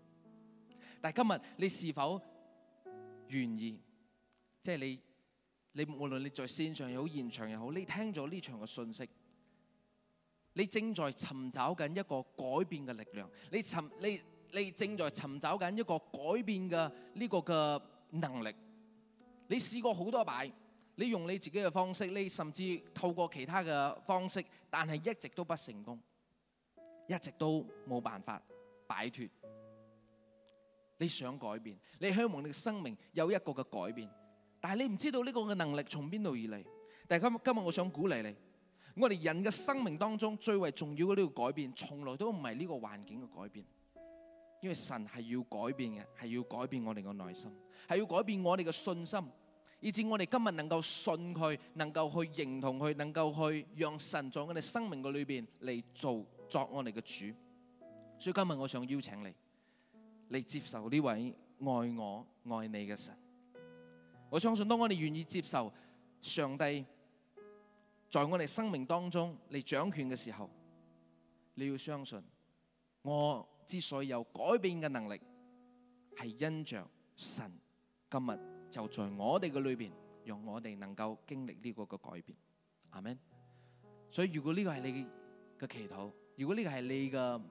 但係今日你是否願意？即係你你無論你在線上又好現場又好，你聽咗呢場嘅信息，你正在尋找緊一個改變嘅力量，你尋你你正在尋找緊一個改變嘅呢個嘅能力，你試過好多擺。你用你自己嘅方式，你甚至透過其他嘅方式，但係一直都不成功，一直都冇辦法擺脫。你想改變，你希望你嘅生命有一個嘅改變，但係你唔知道呢個嘅能力從邊度而嚟。但係今今日我想鼓勵你，我哋人嘅生命當中最為重要嘅呢個改變，從來都唔係呢個環境嘅改變，因為神係要改變嘅，係要改變我哋嘅內心，係要改變我哋嘅信心。以致我哋今日能夠信佢，能夠去認同佢，能夠去讓神在我哋生命嘅裏邊嚟做作我哋嘅主。所以今日我想邀請你，嚟接受呢位愛我愛你嘅神。我相信，當我哋願意接受上帝在我哋生命當中嚟掌權嘅時候，你要相信，我之所以有改變嘅能力，係因着神今日。就在我哋嘅裏邊，讓我哋能夠經歷呢個嘅改變，阿 Man。所以如果呢個係你嘅祈禱，如果呢個係你嘅呢、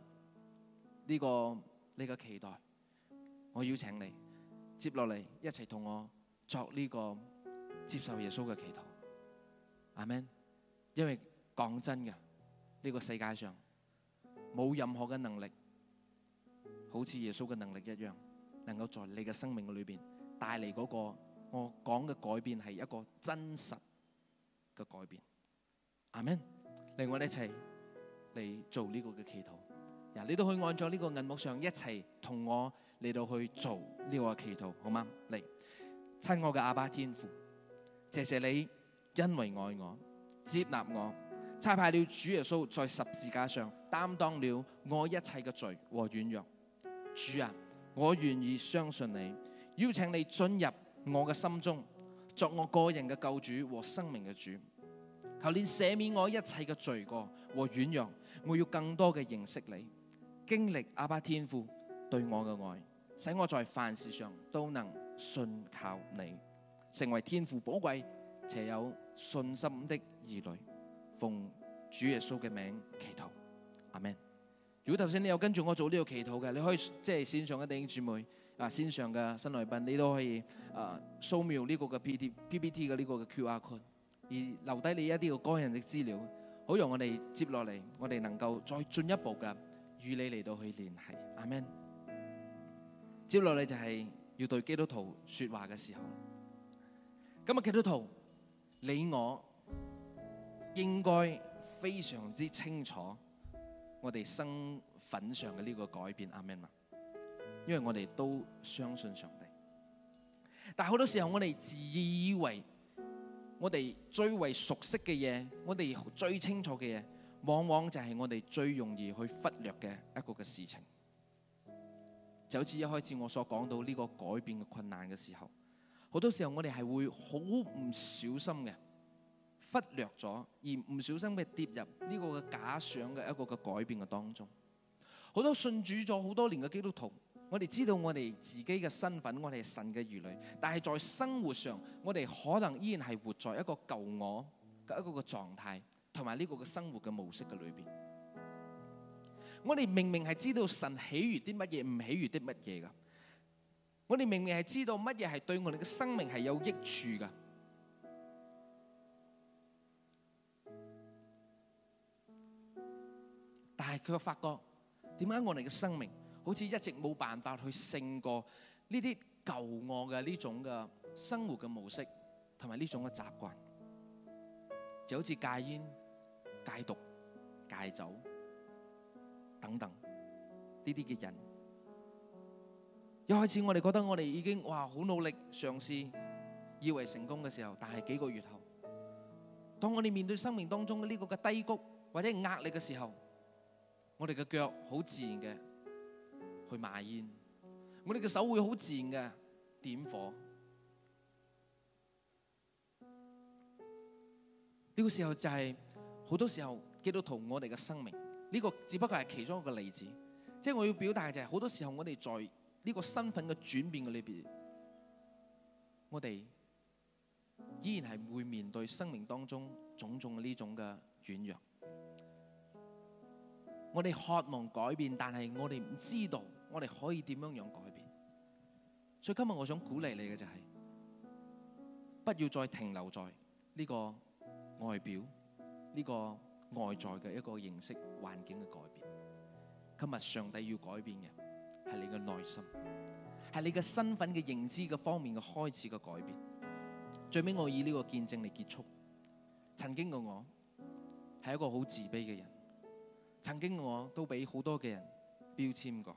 這個呢、這個期待，我邀請你接落嚟一齊同我作呢個接受耶穌嘅祈禱，阿 Man。因為講真嘅，呢、這個世界上冇任何嘅能力，好似耶穌嘅能力一樣，能夠在你嘅生命嘅裏邊。帶嚟嗰、那個我講嘅改變係一個真實嘅改變，阿們，令我哋一齊嚟做呢個嘅祈禱。嗱，你都可以按在呢個銀幕上一齊同我嚟到去做呢個嘅祈禱，好嗎？嚟，親愛嘅阿爸天父，謝謝你因為愛我接納我，差派了主耶穌在十字架上擔當了我一切嘅罪和軟弱。主啊，我願意相信你。邀請你進入我嘅心中，作我個人嘅救主和生命嘅主，求你赦免我一切嘅罪過和軟弱，我要更多嘅認識你，經歷阿爸天父對我嘅愛，使我在凡事上都能信靠你，成為天父寶貴且有信心的兒女。奉主耶穌嘅名祈禱，阿門。如果頭先你有跟住我做呢個祈禱嘅，你可以即係線上嘅弟兄姊妹。啊！線上嘅新來賓你都可以啊掃描呢個嘅 P T P P T 嘅呢個嘅 Q R code，而留低你一啲嘅個人嘅資料，好容我哋接落嚟，我哋能夠再進一步嘅與你嚟到去聯繫阿 men 接落嚟就係要對基督徒說話嘅時候。今日基督徒，你我應該非常之清楚我哋身份上嘅呢個改變阿 men 因為我哋都相信上帝，但好多時候我哋自以為我哋最為熟悉嘅嘢，我哋最清楚嘅嘢，往往就係我哋最容易去忽略嘅一個嘅事情。就好似一開始我所講到呢個改變嘅困難嘅時候，好多時候我哋係會好唔小心嘅忽略咗，而唔小心嘅跌入呢個嘅假想嘅一個嘅改變嘅當中。好多信主咗好多年嘅基督徒。我哋知道我哋自己嘅身份，我哋係神嘅兒女，但係在生活上，我哋可能依然係活在一個舊我嘅一個嘅狀態，同埋呢個嘅生活嘅模式嘅裏邊。我哋明明係知道神喜悅啲乜嘢，唔喜悅啲乜嘢噶。我哋明明係知道乜嘢係對我哋嘅生命係有益處噶，但係佢又發覺點解我哋嘅生命好似一直冇辦法去勝過呢啲舊我嘅呢種嘅生活嘅模式，同埋呢種嘅習慣，就好似戒煙、戒毒、戒酒等等呢啲嘅人。一開始我哋覺得我哋已經哇好努力嘗試，以為成功嘅時候，但係幾個月後，當我哋面對生命當中嘅呢個嘅低谷或者壓力嘅時候，我哋嘅腳好自然嘅，去買煙，我哋嘅手會好自然嘅點火。呢個時候就係好多時候基督徒我哋嘅生命，呢個只不過係其中一個例子。即係我要表達嘅就係，好多時候我哋在呢個身份嘅轉變裏邊，我哋依然係會面對生命當中種種呢種嘅軟弱。我哋渴望改變，但係我哋唔知道。我哋可以點樣樣改變？所以今日我想鼓勵你嘅就係，不要再停留在呢個外表，呢個外在嘅一個形式環境嘅改變。今日上帝要改變嘅係你嘅內心，係你嘅身份嘅認知嘅方面嘅開始嘅改變。最尾我以呢個見證嚟結束。曾經嘅我係一個好自卑嘅人，曾經的我都俾好多嘅人標籤過。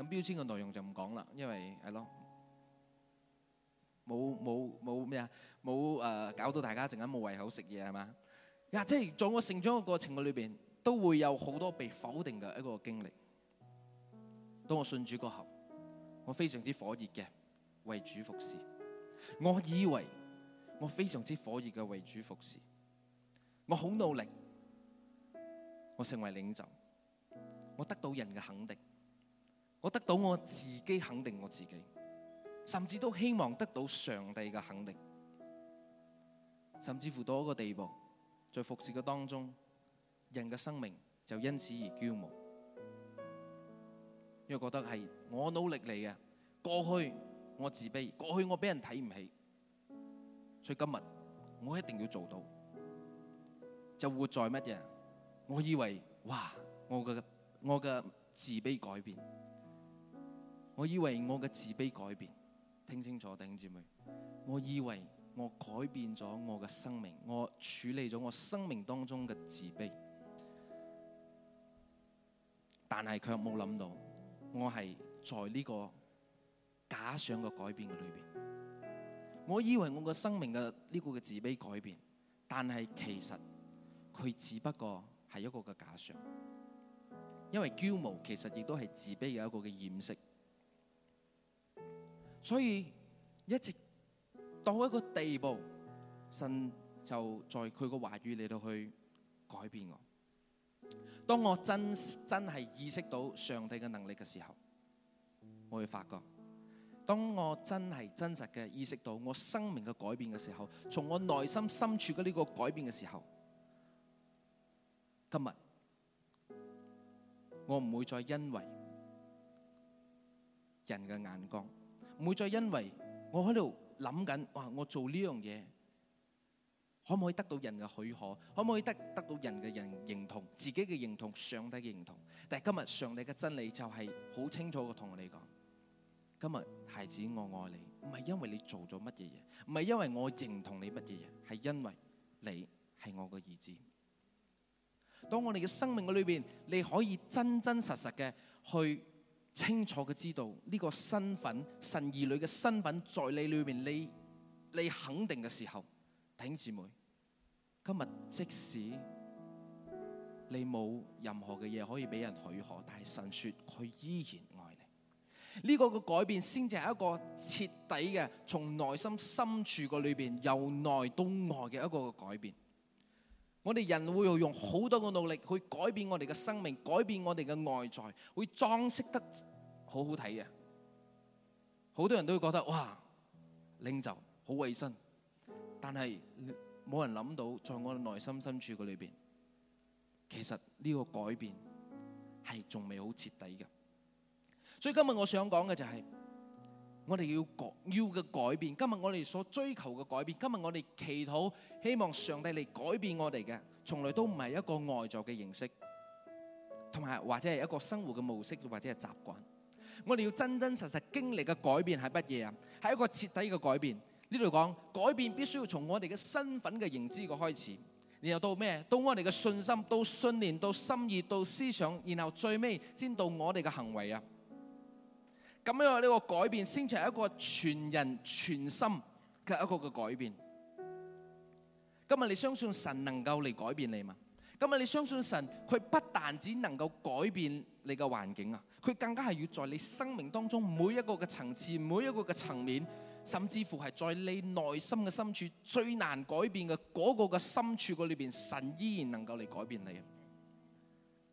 咁標籤嘅內容就唔講啦，因為係咯，冇冇冇咩啊，冇誒、呃、搞到大家陣間冇胃口食嘢係嘛？呀，即係在我成長嘅過程嘅裏邊，都會有好多被否定嘅一個經歷。當我信主過後，我非常之火熱嘅為主服侍。我以為我非常之火熱嘅為主服侍。我好努力，我成為領袖，我得到人嘅肯定。我得到我自己肯定我自己，甚至都希望得到上帝嘅肯定，甚至乎到一個地步，在服侍嘅當中，人嘅生命就因此而驕傲，因為覺得係我努力嚟嘅，過去我自卑，過去我俾人睇唔起，所以今日我一定要做到，就活在乜嘢？我以為哇，我嘅我嘅自卑改變。我以為我嘅自卑改變，聽清楚，弟兄姊妹，我以為我改變咗我嘅生命，我處理咗我生命當中嘅自卑，但係卻冇諗到，我係在呢個假想嘅改變嘅裏邊。我以為我嘅生命嘅呢個嘅自卑改變，但係其實佢只不過係一個嘅假想。因為驕傲其實亦都係自卑嘅一個嘅掩飾。所以一直到一個地步，神就在佢嘅話語裏度去改變我。當我真真係意識到上帝嘅能力嘅時候，我會發覺，當我真係真實嘅意識到我生命嘅改變嘅時候，從我內心深處嘅呢個改變嘅時候，今日我唔會再因為人嘅眼光。唔會再因為我喺度諗緊，哇！我做呢樣嘢可唔可以得到人嘅許可？可唔可以得得到人嘅人認同、自己嘅認同、上帝嘅認同？但係今日上帝嘅真理就係好清楚嘅同你講：今日孩子，我愛你，唔係因為你做咗乜嘢嘢，唔係因為我認同你乜嘢嘢，係因為你係我嘅兒子。當我哋嘅生命嘅裏邊，你可以真真實實嘅去。清楚嘅知道呢個身份，神兒女嘅身份在你裏面，你你肯定嘅時候，弟兄姊妹，今日即使你冇任何嘅嘢可以俾人許可，但係神說佢依然愛你。呢個嘅改變先至係一個徹底嘅，從內心深處個裏邊由內到外嘅一個嘅改變。我哋人會用好多嘅努力去改變我哋嘅生命，改變我哋嘅外在，會裝飾得。好好睇啊，好多人都會覺得哇，領袖好衛生，但係冇人諗到，在我嘅內心深處嘅裏邊，其實呢個改變係仲未好徹底嘅。所以今日我想講嘅就係，我哋要改要嘅改變，今日我哋所追求嘅改變，今日我哋祈禱希望上帝嚟改變我哋嘅，從來都唔係一個外在嘅形式，同埋或者係一個生活嘅模式或者係習慣。我哋要真真實實經歷嘅改變係乜嘢啊？係一個徹底嘅改變。呢度講改變必須要從我哋嘅身份嘅認知個開始，然後到咩？到我哋嘅信心，到信念，到心意，到思想，然後最尾先到我哋嘅行為啊。咁樣呢個改變先至係一個全人全心嘅一個嘅改變。今日你相信神能夠嚟改變你嘛？今日你相信神佢不但只能夠改變你嘅環境啊？佢更加係要在你生命當中每一個嘅層次，每一個嘅層面，甚至乎係在你內心嘅深處最難改變嘅嗰個嘅深處嘅裏邊，神依然能夠嚟改變你。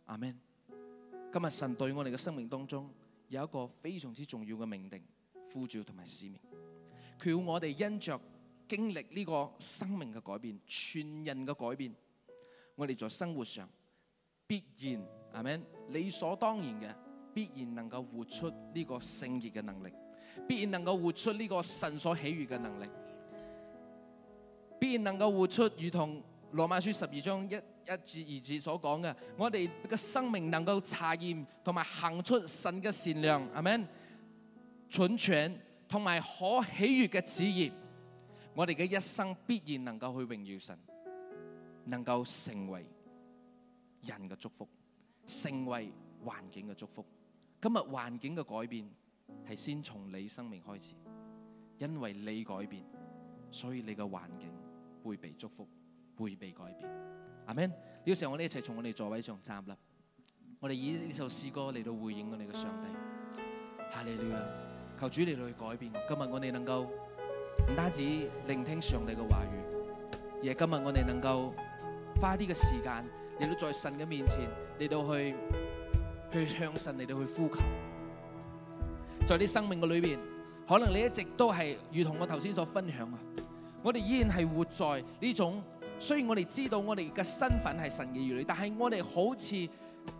阿 Man，今日神對我哋嘅生命當中有一個非常之重要嘅命定，呼召同埋使命，佢要我哋因着經歷呢個生命嘅改變，全人嘅改變，我哋在生活上必然。阿 Man，理所當然嘅。必然能夠活出呢個聖潔嘅能力，必然能夠活出呢個神所喜悅嘅能力，必然能夠活出如同羅馬書十二章一一至二節所講嘅，我哋嘅生命能夠查驗同埋行出神嘅善良，阿們，純全同埋可喜悅嘅旨意，我哋嘅一生必然能夠去榮耀神，能夠成為人嘅祝福，成為環境嘅祝福。今日環境嘅改變係先從你生命開始，因為你改變，所以你嘅環境會被祝福，會被改變。阿們，呢個時候我哋一齊從我哋座位上站立，我哋以呢首詩歌嚟到回應我哋嘅上帝，哈利路亞，求主你嚟到去改變我。今日我哋能夠唔單止聆聽上帝嘅話語，而係今日我哋能夠花一啲嘅時間，嚟到在神嘅面前嚟到去。去向神，你哋去呼求，在你生命嘅裏邊，可能你一直都係如同我頭先所分享啊。我哋依然係活在呢種，雖然我哋知道我哋嘅身份係神嘅兒女，但係我哋好似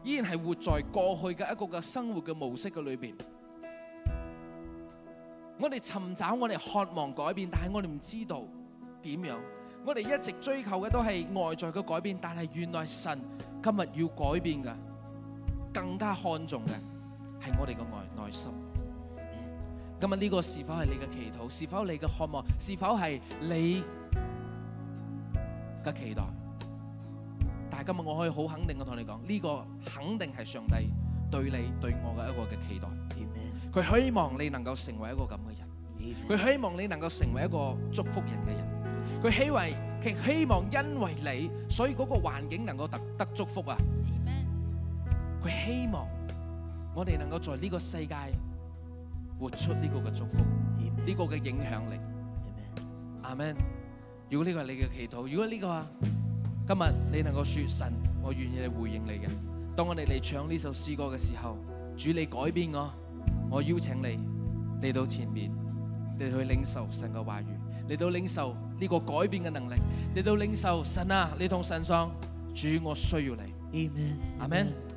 依然係活在過去嘅一個嘅生活嘅模式嘅裏邊。我哋尋找我哋渴望改變，但係我哋唔知道點樣。我哋一直追求嘅都係外在嘅改變，但係原來神今日要改變噶。更加看重嘅係我哋嘅內內心。今日，呢個是否係你嘅祈禱？是否你嘅渴望？是否係你嘅期待？但係今日我可以好肯定嘅同你講，呢個肯定係上帝對你對我嘅一個嘅期待。佢希望你能夠成為一個咁嘅人。佢希望你能夠成為一個祝福人嘅人。佢希為佢希望，因為你所以嗰個環境能夠得得祝福啊！希望我哋能夠在呢個世界活出呢個嘅祝福，呢個嘅影響力。阿們。如果呢個係你嘅祈禱，如果呢個今日你能夠說神，我願意回應你嘅。當我哋嚟唱呢首詩歌嘅時候，主你改變我，我邀請你嚟到前面，你去領受神嘅話語，嚟到領受呢個改變嘅能力，嚟到領受神啊，你同神喪，主，我需要你。阿們。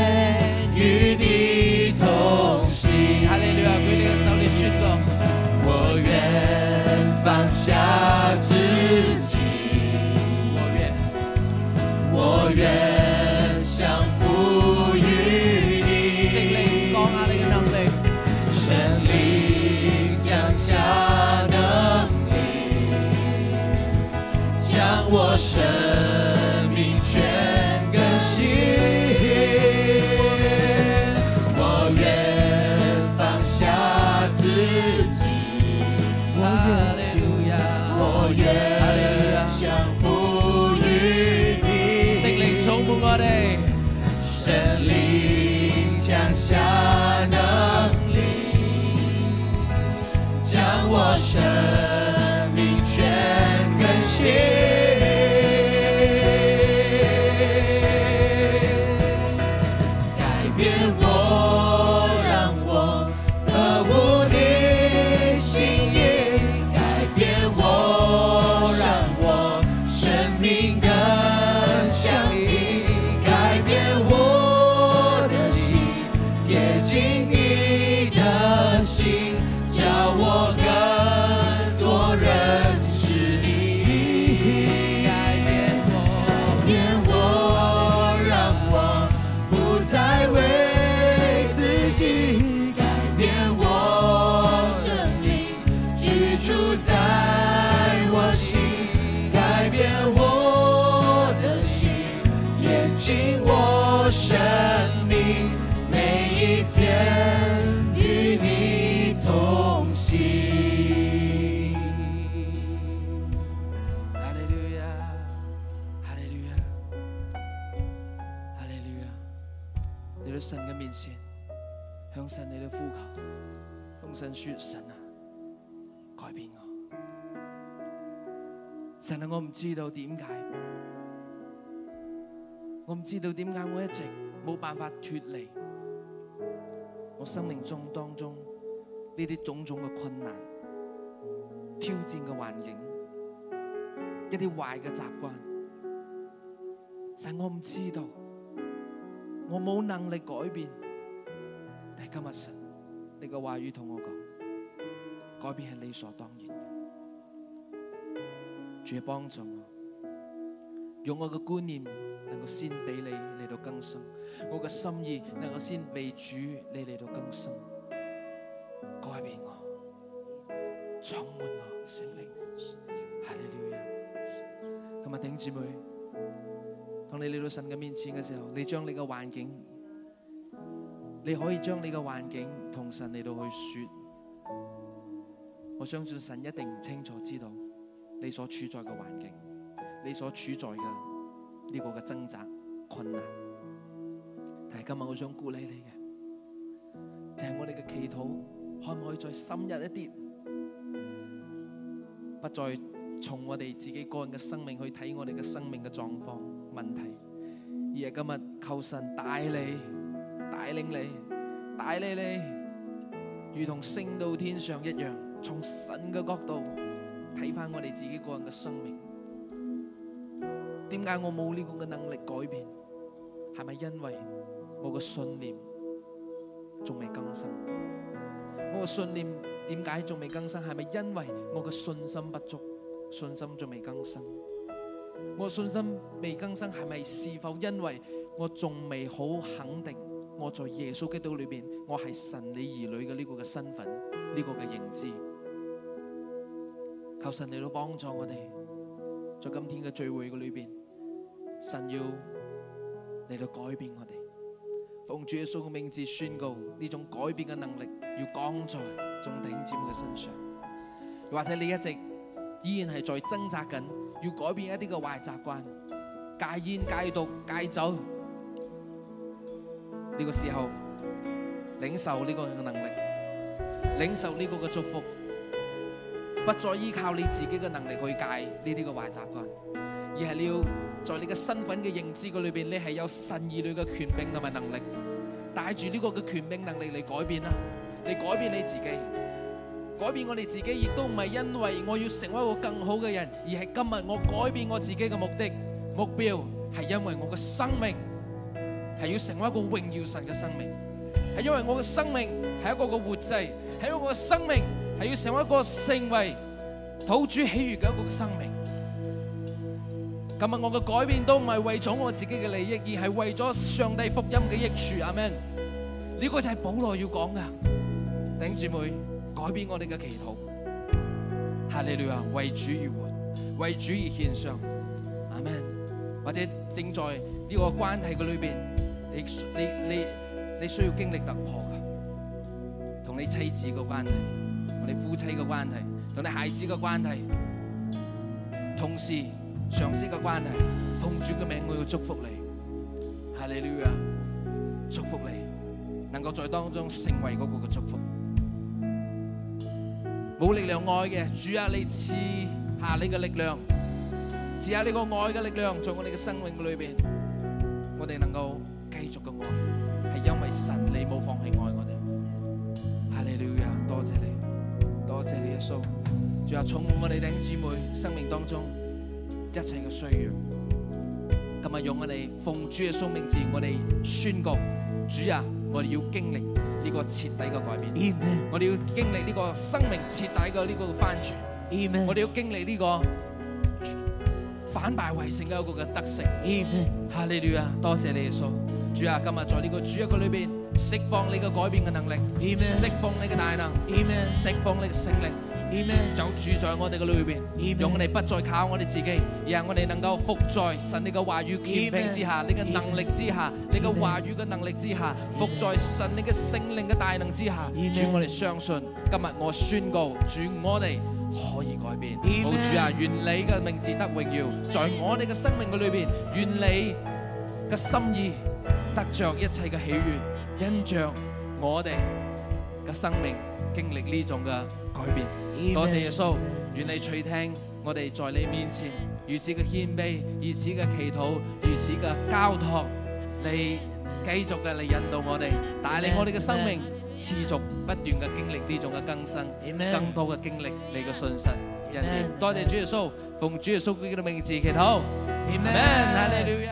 先向神你嘅呼求，向神說，神啊，改變我。神啊，我唔知道點解，我唔知道點解我一直冇辦法脫離我生命中當中呢啲種種嘅困難、挑戰嘅環境、一啲壞嘅習慣。神，我唔知道，我冇能力改變。今日神，你個話語同我講，改變係理所當然嘅，主要幫助我，用我嘅觀念能夠先俾你嚟到更新，我嘅心意能夠先俾主你嚟到更新，改變我，充滿我聖靈，係你嘅恩。同埋弟兄姊妹，當你嚟到神嘅面前嘅時候，你將你嘅環境。你可以將你嘅環境同神嚟到去說，我相信神一定唔清楚知道你所處在嘅環境，你所處在嘅呢個嘅掙扎困難。但係今日我想鼓勵你嘅，就係我哋嘅祈禱，可唔可以再深入一啲，不再從我哋自己個人嘅生命去睇我哋嘅生命嘅狀況問題，而係今日求神帶你。帶領你，帶領你，如同升到天上一樣，從神嘅角度睇翻我哋自己個人嘅生命。點解我冇呢個嘅能力改變？係咪因為我嘅信念仲未更新？我嘅信念點解仲未更新？係咪因為我嘅信心不足？信心仲未更新？我信心未更新，係咪是否因為我仲未好肯定？我在耶穌基督裏邊，我係神你兒女嘅呢個嘅身份，呢個嘅認知。求神嚟到幫助我哋，在今天嘅聚會嘅裏邊，神要嚟到改變我哋，奉主耶穌嘅名字宣告呢種改變嘅能力，要降在眾弟兄姊妹嘅身上。或者你一直依然係在掙扎緊，要改變一啲嘅壞習慣，戒煙、戒毒、戒酒。呢個時候，領受呢個嘅能力，領受呢個嘅祝福，不再依靠你自己嘅能力去戒呢啲嘅壞習慣，而係你要在你嘅身份嘅認知嘅裏邊，你係有神兒女嘅權柄同埋能力，帶住呢個嘅權柄能力嚟改變啦，你改變你自己，改變我哋自己，亦都唔係因為我要成為一個更好嘅人，而係今日我改變我自己嘅目的目標，係因為我嘅生命。係要成為一個榮耀神嘅生命，係因為我嘅生命係一個嘅活祭，係因為我嘅生命係要成為一個成為土主喜悅嘅一個嘅生命。今日我嘅改變都唔係為咗我自己嘅利益，而係為咗上帝福音嘅益處。阿門。呢個就係保羅要講嘅，頂住妹改變我哋嘅祈禱，係你哋啊，為主而活，為主而獻上。阿門。或者正在呢個關係嘅裏邊。你你你你需要經歷突破噶同你妻子個關係，同你夫妻個關係，同你孩子個關係，同時上司個關係，奉主嘅名我要祝福你，哈利路亞，祝福你能夠在當中成為嗰個嘅祝福。冇力量愛嘅主啊，你賜下你嘅力量，賜下你個愛嘅力量，在我哋嘅生命裏邊，我哋能夠。足嘅愛，係因為神你冇放棄愛我哋。哈利路亞，多謝你，多謝你耶穌，主啊，充滿我哋弟兄姊妹生命當中一切嘅需要。今日用我哋奉主嘅聖名字，我哋宣告：主啊，我哋要經歷呢個徹底嘅改變。阿門。我哋要經歷呢個生命徹底嘅呢個翻轉。阿門。我哋要經歷呢個反敗為勝嘅一個嘅得勝。阿門。哈利路亞，多謝你耶穌。主啊，今日在呢個主一個裏邊釋放你個改變嘅能力，釋放你嘅大能，釋放你嘅聖靈，就住在我哋嘅裏邊，讓我哋不再靠我哋自己，而係我哋能夠服在神你嘅話語權柄之下，你嘅能力之下，你嘅話語嘅能力之下，服在神你嘅聖靈嘅大能之下。主我哋相信，今日我宣告，主我哋可以改變。主啊，願你嘅名字得榮耀，在我哋嘅生命嘅裏邊，願你嘅心意。得着一切嘅喜悅，因着我哋嘅生命經歷呢種嘅改變。多謝耶穌，願你垂聽我哋在你面前如此嘅謙卑，如此嘅祈禱，如此嘅交托，你繼續嘅嚟引導我哋，帶領我哋嘅生命持續不斷嘅經歷呢種嘅更新，更多嘅經歷你嘅信心、恩典。多謝主耶穌，奉主耶穌基督嘅名字祈禱。阿門。哈利
路亞。